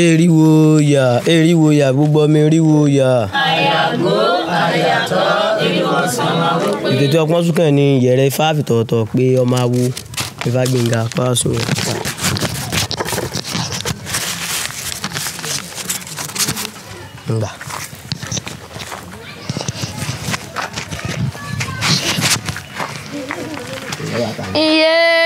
Eriwo yà, eriwo yà, gbogbo ọmọ eriwo yà. Àyàgó, àyàtọ̀, eriwo ọ̀sán máa wó pé. Ìtètè ọpọ́n súnkàn ni ìyẹ̀rẹ̀ ifá fìtọ̀tọ̀ pé ọmọ awo ifá gbẹ̀ngà pàṣọ. Ngbà. Yeah.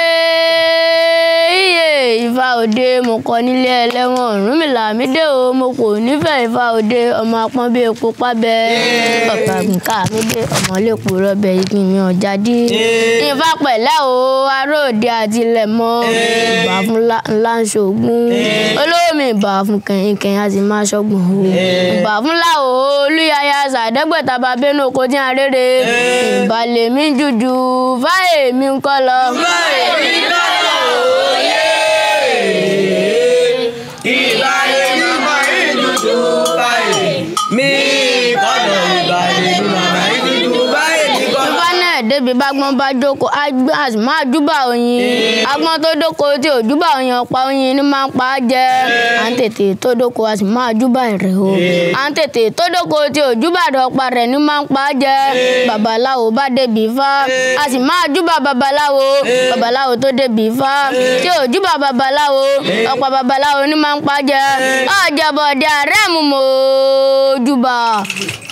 Ifá òde mo kọ nílé ẹlẹ́wọ̀n Ọ̀rúnmìlà mi dé o mo kò nífẹ̀ẹ́ Ifá òde ọmọ apọ́n bí epo pábẹ́. ọ̀pàgùn ká mi dé ọmọ lẹ́kọ̀ọ́ rọ́bẹ̀ igi mi ọ̀já dí. Ifá pẹ̀lẹ́ o aró òde àti ilẹ̀ mọ́ ìbà fún ńlá ń ṣògùn olómi ìbà fún kẹ̀yìnkẹ̀yìn a sì máa ṣọ́gbọ̀n o ìbà fún láwo olúyàyà sàdẹ́gbẹ̀ta babẹ́nu oko tí a rere ìbàlẹ̀ mi jùjù fáyèmí ń kọ́ lọ. fáyèmí ń kọ́ lọ. débi bágbọ́n bá dóko má júbà oyin agbọ́n tó dóko tí ò júbà oyin ọ̀pá oyin ni máa ń pa á jẹ à ń tètè tó dóko a sì máa júbà rẹ̀ o à ń tètè tó dóko tí ò júbà ọ̀pá rẹ̀ ni máa ń pa á jẹ babaláwo bá débi ifá a sì máa júbà babaláwo babaláwo tó débi ifá tí ò júbà babaláwo ọ̀pá babaláwo ni máa ń pa á jẹ ọ̀jọ̀bọ̀dẹ̀ àrẹ́mú mọ́ júbà.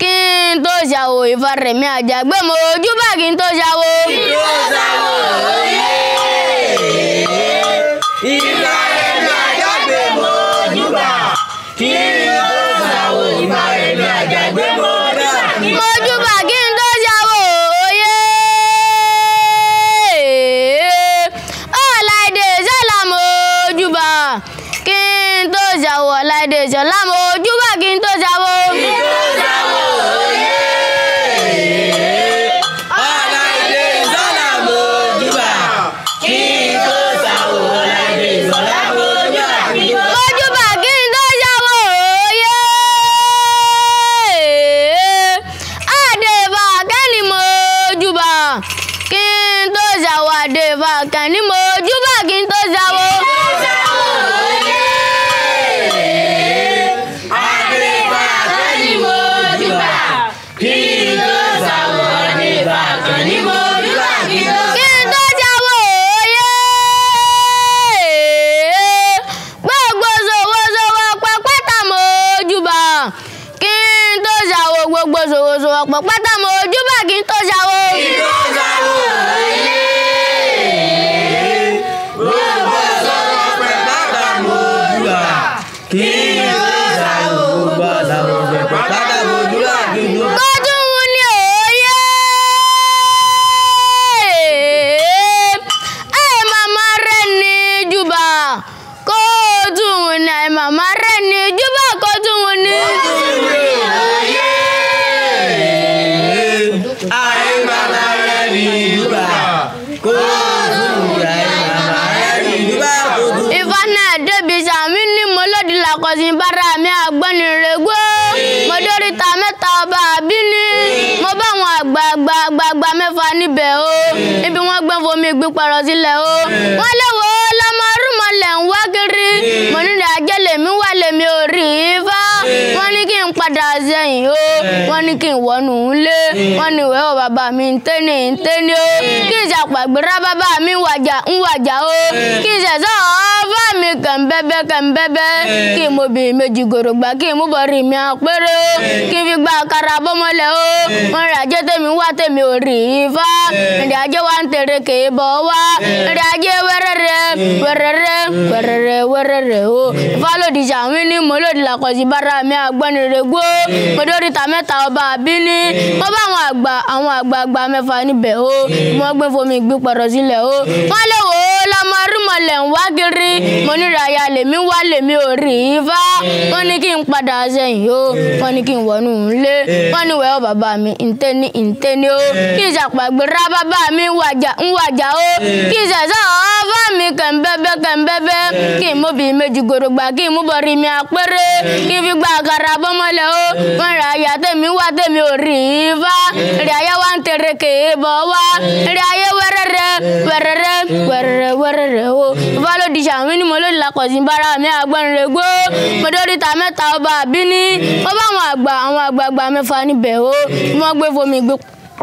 kí n tó ṣàwò ìfarẹ̀mí àjàgbé mo ojú bá kí n tó ṣàwò. kí n tó ṣàwò òye ìlà. ọ̀rọ̀ pọ̀ pátá mo ojú báàgì ń tó gbagba mẹ́fà níbẹ̀ o níbi wọ́n gbọ́n fomi gbé parọ́ sílẹ̀ o wọ́n léwo lọ́mọ rúmọlẹ̀ ń wá kiri mo ní ìrìn àjẹ́ lèmi wà lèmi ò rí i fá wọ́n ní kí n padà sẹ́yìn o wọ́n ní kí n wọnú ilé wọ́n ní ìwé bàbá mi ń tẹ́ni ń tẹ́ni o kí n ṣàpàgbéra bàbá mi wàjà ń wàjà o kí n ṣẹ̀ṣọ́ mi kẹ̀ǹbẹ́bẹ́ kẹ̀ǹbẹ́bẹ́ eh. kí n mo bì méjì gòrògbà kí n mú bọ̀rì mi àpérò eh. kí n fi gba àkàrà bọ́mọlẹ̀ o mo rìn àjẹ́ tèmi wá tèmi ò rí i fá rìn àjẹ́ wá ń tèrè kè é bọ̀ wá rìn eh. àjẹ́ wẹ́rẹ́rẹ́ wẹ́rẹ́rẹ́ wẹ́rẹ́rẹ́ wẹ́rẹ́rẹ́ o Ifá lòdì sàwìn ni mo lòdì làkọ̀sí bára mi àgbọ̀nìrègbó mo dórí ta mẹ́ta ọba àbíní mo bá àwọn àgbà àwọn àgbààgbà mẹ́fà níbẹ̀ o mo gbé fomi ìgbín pẹ̀rọ̀ sílẹ̀ o wọ́n lè wò lọ́mọ rúmọ̀lẹ̀ ń wá kiri mo níra aya lèmi wá lèmi ò rí i fá wọ́n ní kí n padà sẹ́yìn o wọ́n ní kí n wọnú ilé wọ́n ní wẹ́ọ́ bàbá mi ǹtẹ́ ní ǹtẹ́ ní o kí n ṣàpàgbéra bàbá mi ń wàjà o kí n ṣàṣà ọ̀ọ́fà mi kẹ̀ǹbẹ́bẹ́ kẹ̀ǹbẹ́bẹ́ kí n mú bíi méjì gòrògbà kí n mú bọ̀rì mi àpérè kí n fi gba àkàrà bọ́mọlẹ̀ o wọ́n ra aya tèmi wá tèmi ò rí i fá rí aya wá ń tẹ̀rẹ̀ kèé bọ̀ wá rí aya wẹrẹ wẹrẹrẹ wẹrẹrẹ wẹrẹrẹ o ifá ló di ṣàwí ni mo ló di lakọsí bára mi àgbọnrẹgbó mo dórí ta mẹ́ta ọba àbíní mo bá àwọn àgbà àwọn àgbààgbà mẹ́fà níbẹ̀ o mo gbé fomi gbé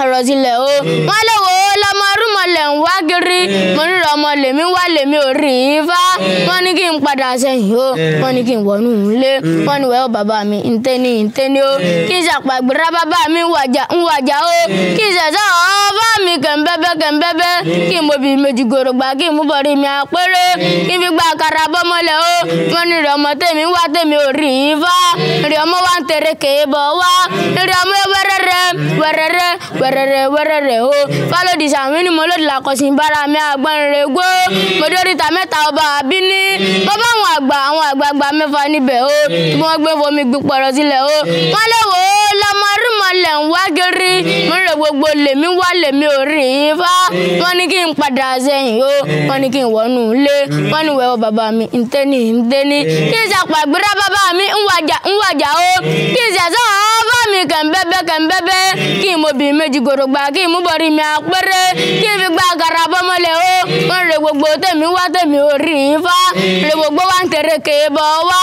ọ̀rọ̀ sílẹ̀ o wọ́n lè wò ó lọ́mọ rúmọlẹ̀ ń wá kiri mo ní ọmọ lèmi wá lèmi ò rí i fá. Eh. wọ́n ní kí n padà sẹ́yìn o eh. wọ́n ní kí n wọnú ilé hmm. wọ́n ní wẹ́ẹ́ bàbá mi ntẹ́ni ntẹ́ni o eh. kí n ṣàpàgbéra bàbá mi ń wàjà o kí n ṣẹ̀ṣẹ̀ mi kẹ̀ǹbẹ́bẹ́ kẹ̀ǹbẹ́bẹ́ kí n mobi méjì gòrògbà kí n mú bọ̀rí mi àpérè kí n fi gba àkàrà bọ́mọlẹ̀ o wọ́n ní rẹ̀ ọmọ tèmi wá tèmi ò rí i fá rẹ̀ ọmọ wá ń tèrè kéèbọ̀ wá rẹ̀ wẹ́rẹ́rẹ́ wẹ́rẹ́rẹ́ wẹ́rẹ́rẹ́ wẹ́rẹ́rẹ́ o fálódì sàmínú mo làkọ̀sìn bára mi àgbọ̀nrẹ́gbó mo dórí ta mẹ́ta ọba àbí ní bàbá àwọn àgbà àwọn àgbààgbà mẹ́fà níbẹ̀ o tí wọ́n gbé fomi gbípọ̀ ọ̀rọ̀ sílẹ̀ o wọ́n lè wò ó lọ́mọ rúmọlẹ̀ ń wá gírí mo rẹ̀ gbogbo lèmi wá lèmi ò rí i fá wọ́n ní kí n padà sẹ́yìn o wọ́n ní kí n wọnú ilé wọ́n ní wẹ̀wọ̀ bàbá mi ntẹ́ni ntẹ́ni kí n sàpàgbéra bàbá mi ń wàjà ń wàjà o kẹ̀mbẹ́bẹ́ kí n mo bì méjì gòrògbà kí n mú bọ̀rí mi àpẹrẹ kí n fi gba àgàrà bọ́mọlẹ̀ o ń re gbogbo tèmi wá tèmi ò rí i fa re gbogbo wa ń kéré kébọ̀ wá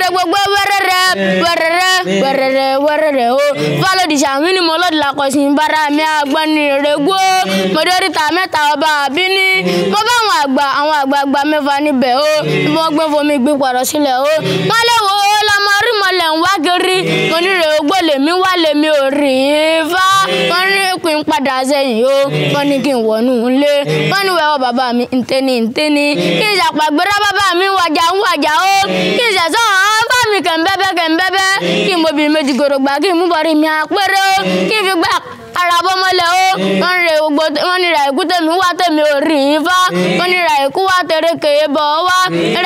re gbogbo wẹ́rẹ́rẹ́ wẹ́rẹ́rẹ́ wẹ́rẹ́rẹ́ wẹ́rẹ́rẹ́ o fálódì sàmì ni mo lọ́dún làkọ̀sìn bára mi àgbọ̀nì rẹ̀gbó mọ̀dọ́rìta mẹ́ta ọba àbíní mo bá àwọn àgbà àwọn àgbààgbà mẹ́fà níbẹ̀ o bí wọ́n fomi gbé pàrọ̀ sílẹ̀ o wọ́n lẹ̀ ń wá gírí mo ní rè ogbó lèmi wá lèmi ò rí i fá mo ní kí n padà sẹ́yìn o mo ní kí n wọnú ilé mo ní wẹ́wọ́ bàbá mi ntẹ́ni ntẹ́ni kí n ṣàpàgbéra bàbá mi wàjà ń wàjà o kí n ṣẹ̀sọ́ àáfà mi kẹ̀mbẹ́bẹ́ kẹ̀mbẹ́bẹ́ kí n mọ bí méjì gòrògbà kí n mú bọ́rí mi àpérò kí n fi gbà ra bọ́mọlẹ̀ ó wọ́n rẹ̀ gbogbo wọ́n ní ra ìkú wá tèmi ò rí fá wọ́n ní ra wá tèrè kèé bọ̀ ọ́ wá jẹ jẹ jẹ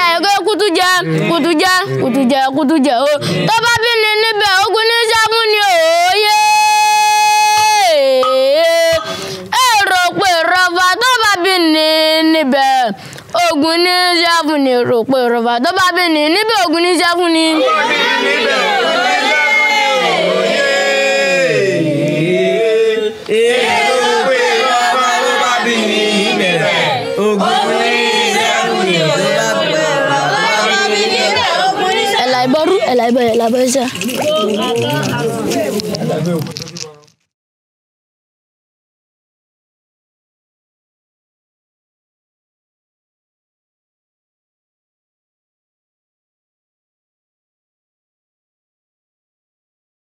jẹ ó tó bá bí ni níbẹ̀ ogun ní sáfún ni òye èrò pé rọba tó bá bí ni níbẹ̀ ogun ní ni pé tó bá bí ni níbẹ̀ ogun ní Ela é bem, ela é bem